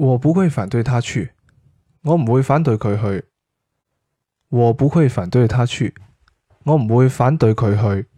我不會反對他去，我唔會反對佢去。我不會反對他去，他處，我唔會反對佢去。